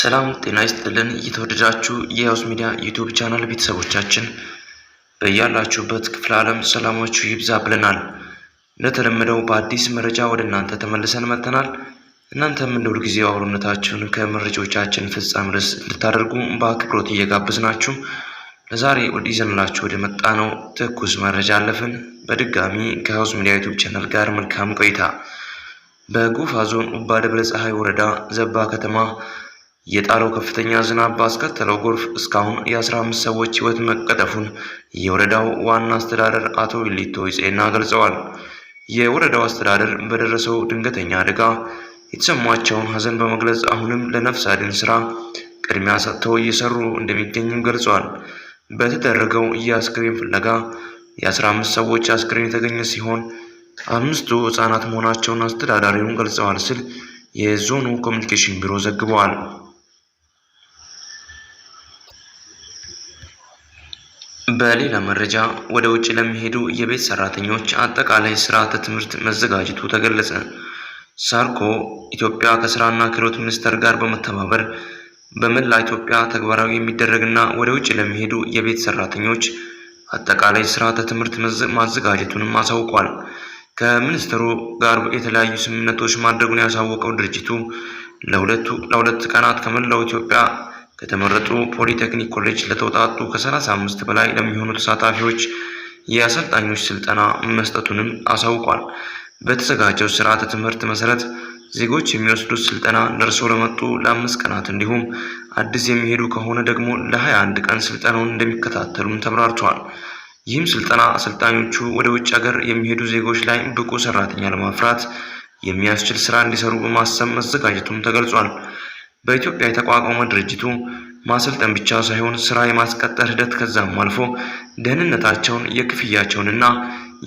ሰላም ጤና ይስጥልን። እየተወደዳችሁ የያውስ ሚዲያ ዩቲዩብ ቻናል ቤተሰቦቻችን በያላችሁበት ክፍለ ዓለም ሰላማችሁ ይብዛ ብለናል። እንደተለመደው በአዲስ መረጃ ወደ እናንተ ተመልሰን መጥተናል። እናንተም እንደ ሁልጊዜው አብሮነታችሁን ከመረጃዎቻችን ፍጻሜ ድረስ እንድታደርጉ በአክብሮት እየጋበዝናችሁ ለዛሬ ወደ ይዘንላችሁ ወደ መጣ ነው ትኩስ መረጃ አለፍን። በድጋሚ ከያውስ ሚዲያ ዩቲዩብ ቻናል ጋር መልካም ቆይታ። በጉፋ ዞን ኡባ ደብረ ፀሐይ ወረዳ ዘባ ከተማ የጣለው ከፍተኛ ዝናብ ባስከተለው ጎርፍ እስካሁን የ15 ሰዎች ሕይወት መቀጠፉን የወረዳው ዋና አስተዳደር አቶ ሊቶ ይጼና ገልጸዋል። የወረዳው አስተዳደር በደረሰው ድንገተኛ አደጋ የተሰማቸውን ሀዘን በመግለጽ አሁንም ለነፍስ አድን ስራ ቅድሚያ ሰጥተው እየሰሩ እንደሚገኙም ገልጸዋል። በተደረገው የአስክሬን ፍለጋ የ15 ሰዎች አስክሬን የተገኘ ሲሆን አምስቱ ህፃናት መሆናቸውን አስተዳዳሪውን ገልጸዋል ሲል የዞኑ ኮሚኒኬሽን ቢሮ ዘግበዋል። በሌላ መረጃ ወደ ውጭ ለሚሄዱ የቤት ሰራተኞች አጠቃላይ ስርዓተ ትምህርት መዘጋጀቱ ተገለጸ። ሳርኮ ኢትዮጵያ ከስራና ክህሎት ሚኒስቴር ጋር በመተባበር በመላ ኢትዮጵያ ተግባራዊ የሚደረግና ወደ ውጭ ለሚሄዱ የቤት ሰራተኞች አጠቃላይ ስርዓተ ትምህርት ማዘጋጀቱንም አሳውቋል። ከሚኒስትሩ ጋር የተለያዩ ስምምነቶች ማድረጉን ያሳወቀው ድርጅቱ ለሁለት ቀናት ከመላው ኢትዮጵያ ከተመረጡ ፖሊቴክኒክ ኮሌጅ ለተውጣጡ ከ35 በላይ ለሚሆኑ ተሳታፊዎች የአሰልጣኞች ስልጠና መስጠቱንም አሳውቋል። በተዘጋጀው ስርዓተ ትምህርት መሰረት ዜጎች የሚወስዱት ስልጠና ደርሰው ለመጡ ለአምስት ቀናት እንዲሁም አዲስ የሚሄዱ ከሆነ ደግሞ ለ21 ቀን ስልጠናውን እንደሚከታተሉም ተብራርተዋል። ይህም ስልጠና አሰልጣኞቹ ወደ ውጭ ሀገር የሚሄዱ ዜጎች ላይ ብቁ ሰራተኛ ለማፍራት የሚያስችል ስራ እንዲሰሩ በማሰብ መዘጋጀቱም ተገልጿል። በኢትዮጵያ የተቋቋመ ድርጅቱ ማሰልጠን ብቻ ሳይሆን ስራ የማስቀጠር ሂደት ከዛም አልፎ ደህንነታቸውን የክፍያቸውንና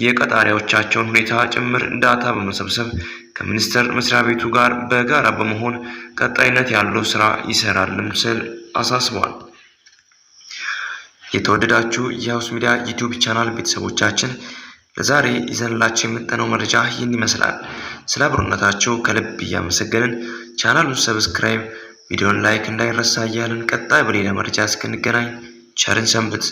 የቀጣሪያዎቻቸውን ሁኔታ ጭምር ዳታ በመሰብሰብ ከሚኒስቴር መስሪያ ቤቱ ጋር በጋራ በመሆን ቀጣይነት ያለው ስራ ይሰራልም ስል አሳስቧል። የተወደዳችሁ የሀውስ ሚዲያ ዩቲዩብ ቻናል ቤተሰቦቻችን ለዛሬ ይዘንላቸው የመጠነው መረጃ ይህን ይመስላል። ስለ አብሮነታችሁ ከልብ እያመሰገንን ቻናሉን ሰብስክራይብ ቪዲዮን ላይክ እንዳይረሳ እያልን ቀጣይ በሌላ መረጃ እስክንገናኝ ቸርን ሰንብት።